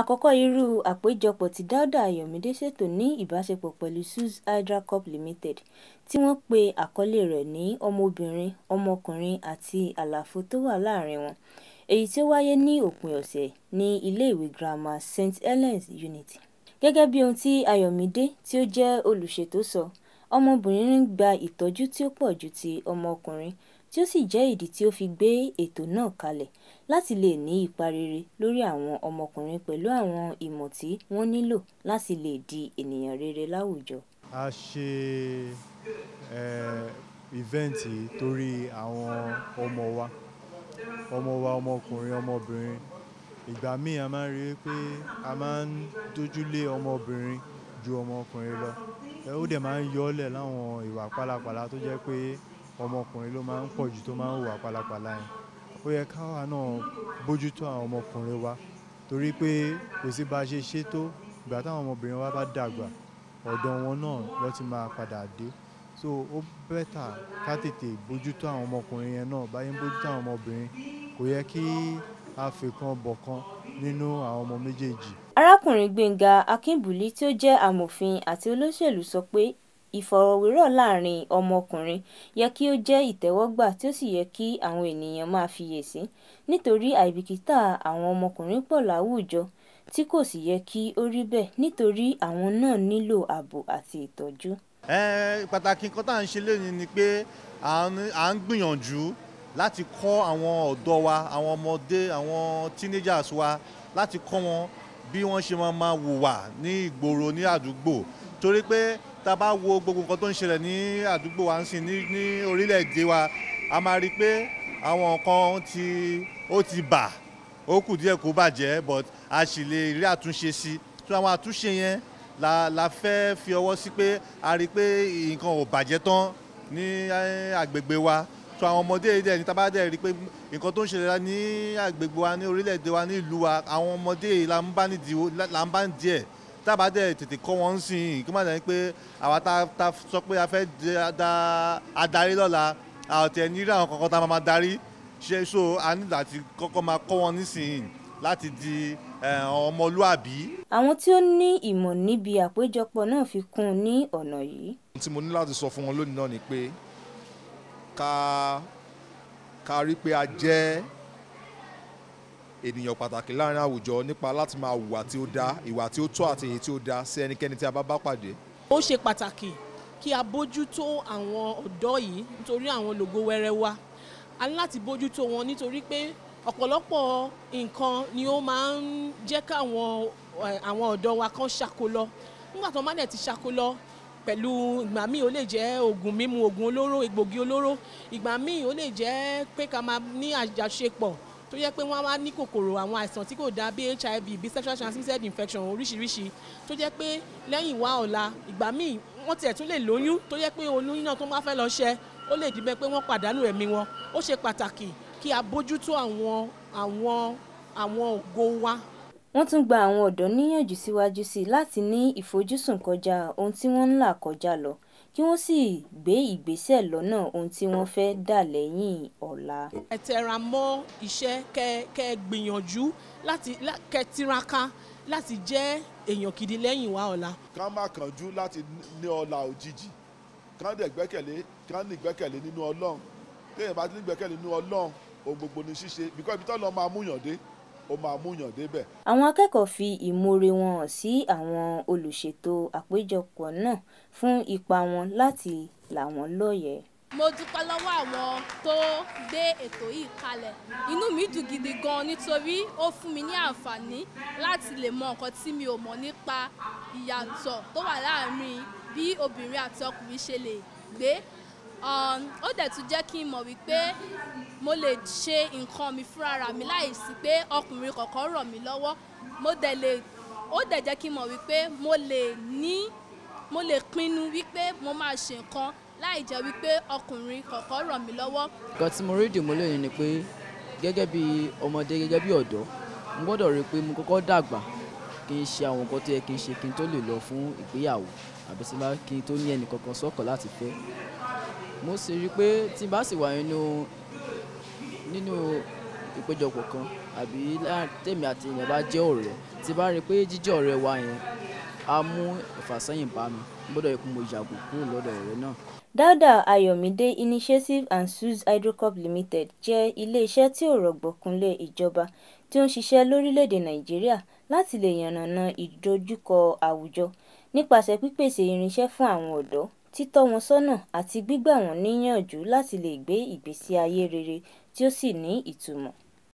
Àkọ́kọ́ irú àpéjọpọ̀ tí Dáúdá Ayọ̀mídé ṣètò ní ìbáṣepọ̀ pẹ̀lú Suze Hydrocorp Limited, tí wọ́n pe àkọlé rẹ̀ ní “Ọmọbìnrin, Ọmọkùnrin àti Àlàfo tó wà láàárín wọn,” èyí tí ó wáyé ní òpin ọ̀sẹ̀ ní ilé ìwé girama St Helens Unity. Gẹ́gẹ́ bí ohun tí Ayọ̀mídé tí ó jẹ́ olùṣètò sọ, ọmọbìnrin ń gba ìtọ́jú tí ó pọ̀ ju ti ọmọkùnrin tí ó sì jẹ́ ìdí tí ó fi gbé ètò náà kalẹ̀ láti lè ní ipa rere lórí àwọn ọmọkùnrin pẹ̀lú àwọn ìmọ̀ tí wọ́n nílò láti lè di ènìyàn rere láwùjọ. A ṣe event yìí torí àwọn ọmọ wa ọmọ wa ọmọkùnrin ọmọbìnrin ìgbà míì a máa ń rí i pé a máa ń dójúlé ọmọbìnrin ju ọmọkùnrin lọ ó dẹ̀ máa ń yọ ọ́ lẹ̀ láwọn ìwà pálapàla tó jẹ́ pé ọmọkùnrin ló máa ń pọ̀ jù tó máa ń hùwà pálapàla yẹn ó yẹ káwa náà bójútó àwọn ọmọkùnrin wa torí pé kò sí bá a ṣe ṣe tó ìgbà táwọn ọmọbìnrin wa bá dàgbà ọ̀dọ̀ wọn náà ló ti máa padà dé so ó bẹ́tà ká tètè bójútó àwọn ọmọkùnrin yẹn náà báyìí bójútó àwọn ọmọbìnrin kò yẹ kí a fìkan bọ̀kan nínú àwọn ọmọ méjèèjì. arákùnrin gbẹ̀ngà akínbùlí tí ó jẹ́ amòfin àti olóṣèlú sọ pé Ìfọ̀rọ̀wérọ̀ láàárín ọmọkùnrin yẹ kí ó jẹ́ ìtẹ́wọ́gbà tí ó sì yẹ kí àwọn ènìyàn máa fiyèsí, nítorí àìbìkítà àwọn ọmọkùnrin pọ̀ láwùjọ tí kò sì yẹ kí ó rí bẹ́ẹ̀ nítorí àwọn náà nílò ààbò àti ìtọ́jú. Pàtàkì nǹkan tá à ń ṣe lónìí ni pé à ń gbìyànjú láti kọ́ àwọn ọ̀dọ́ wa, àwọn ọmọdé, àwọn teenagers wa láti kọ́ wọn bí wọ́n ṣe máa máa hùwà ní ìgboro ní àdúgbò torí pé tá a bá wo gbogbo nǹkan tó ń ṣẹlẹ̀ ní àdúgbò wa ń sìn ní ní orílẹ̀-èdè wa a máa rí i pé àwọn nǹkan ti ó ti bà ó kù díẹ̀ kó bàjẹ́ but a sì lè rí àtúnṣe sí tí àwọn àtúnṣe yẹn la la fẹ́ fi ọwọ́ sí pé a rí i pé nǹkan ò bàjẹ́ tán ní agbègbè wa tó àwọn ọmọdé dẹ̀ ní tábà dẹ̀ rí i pé nǹkan tó ń ṣẹlẹ̀ ní agbègbè wa ní orílẹ̀-èdè wa ní ìlú wa àwọn ọmọdé la ń bá nídìí la ń bá nídìí ẹ̀ tábà dẹ̀ tètè kọ́ wọn sí i kí wọ́n má dẹ̀ pé àwa tá a sọ pé a fẹ́ da adarí lọ́la àti ẹni rí àwọn kankan tá a máa darí ṣe so a ní láti kọ́kọ́ máa kọ́ wọn nísìnyí láti di ọmọlúàbí. àwọn tí ó ní ìmọ̀ níbi àpéjọpọ̀ náà fi kún un ní ọ̀nà yìí. ohun tí mo ní láti sọ fún wọn lónìí náà ni pé ká ká rí pé a jẹ́ ènìyàn pàtàkì láàrin àwùjọ nípa láti máa hùwà tí ó dáa ìwà tí ó tọ́ àti èyí tí ó dáa sí ẹnikẹ́ni tí a bá bá pàdé. ó ṣe pàtàkì kí a bójútó àwọn ọ̀dọ́ yìí nítorí àwọn lògo wẹrẹ wa a ní láti bójútó wọn nítorí pé ọ̀pọ̀lọpọ̀ nǹkan ni ó máa ń jẹ́ káwọn àwọn ọ̀dọ́ wa kan ṣàkólọ nígbà tó má dẹ̀ ti ṣàkólọ pẹ̀lú ìgbà míì ó lè jẹ́ oògùn mímu oògùn olóró egbògi olóró ìgbà míì ó lè jẹ́ pé ká máa ní àjàṣepọ̀ tó yẹ pé wọ́n á ní kòkòrò àwọn àìsàn tí kò dáa bí hiv bí sexual transmitted infection oríṣiríṣi tó jẹ́ pé lẹ́yìn wá ọ̀la ìgbà míì wọ́n tiẹ̀ tún lè lóyún tó yẹ pé olóyún náà tó bá fẹ́ lọ ṣẹ́ ó lè dìbẹ́ pé wọ́n pàdánù ẹ̀mí wọn ó ṣe pàtàkì kí a bójútó àwọn àwọn àwọn ògo wa wọ́n tún gba àwọn ọ̀dọ́ níyànjú síwájú sí i láti ní ìfojúsùn kọjá ohun tí wọ́n ń là kọjá lọ kí wọ́n sì gbé ìgbésẹ̀ lọ́nà ohun tí wọ́n fẹ́ dà lẹ́yìn ọ̀la. ẹ tẹra mọ́ iṣẹ́ kẹ ẹ gbìyànjú láti kẹ tiraka láti jẹ́ èèyàn gidi lẹ́yìn wa ọ̀la. ká má kánjú láti ní ọ̀la òjijì ká dẹ̀ gbẹ́kẹ̀lé ká ní ìgbẹ́kẹ̀lé nínú ọlọ́run téèyàn bá ti ní ìgbẹ́kẹ̀lé nínú ọlọ́run ohun gbogbo ni ṣíṣe bíkọ́ ibi tó lọ́ọ́ máa múyàn dé ó máa múyàn débẹ̀. àwọn akẹ́kọ̀ọ́ fi ìmoore wọn hàn sí àwọn olùṣètò àpéjọpọ̀ náà fún ipa wọn láti là wọ́n lóye. mo dúpẹ́ lọ́wọ́ àwọn tó gbé ètò yìí kalẹ̀ inú mi dùn gidi gan nítorí ó fún mi ní àǹfààní láti lè mọ nǹkan tí mi ò mọ̀ nípa ìyàtọ̀ tó wà láàárín bí obìnrin àti ọkùnrin ṣe lè gbé ó dẹ̀ tún jẹ́ kí n mọ̀ wípé mo lè ṣe nǹkan mi fúnra mi láìsí pé ọkùnrin kọ̀ọ̀kan ràn mí lọ́wọ́ mo dẹ̀ lè ó dẹ̀ jẹ́ kí n mọ̀ wípé mo lè ní mo lè pinnu wípé mo máa ṣe nǹkan láì jẹ́ wípé ọkùnrin kọ̀ọ̀kan ràn mí lọ́wọ́. nǹkan tí mo rí ìdìmú lónìí ni pé gẹ́gẹ́ bí ọmọdé gẹ́gẹ́ bí ọ̀dọ́ mo gbọ́dọ̀ rí i pé mo kọ́kọ́ dàgbà kí n ṣe àwọn nǹkan tó yẹ kí n ṣe kí n tó lè lọ fún ìgbéyàwó àbí tí bá kí n tó ní ẹnì kankan sọ́kàn láti fẹ́ mo sì rí i pé tí n bá sì wà nínú nínú ìpéjọpọ̀ kan àbí tèmi àti èèyàn bá jẹ́ ọ̀rẹ́ tí bá rí pé jíjẹ́ ọ̀rẹ́ wa yẹn á mú ìfàsẹ́yìn bá mi gbọ́dọ̀ ikú mo yàgò kúrò lọ́dọ̀ ọ̀rẹ́ náà. Dáúdà Ayọ̀mídé Initiative and Suez Hydrocop Limited jẹ́ ilé-iṣẹ́ tí ò rọ̀gbọ̀kúnlé ìjọba tí ó ń ṣiṣẹ́ lórílẹ̀‐èdè Nàìjíríà láti lè yànnàná ìdojúkọ àwùjọ nípasẹ̀ pípèsè irinṣẹ́ fún àwọn ọ̀dọ́, títọ́ wọn sọ́nà àti gbígbà wọ́n níyànjú láti lè gbé ìgbésí ayé rere 女子にいつも。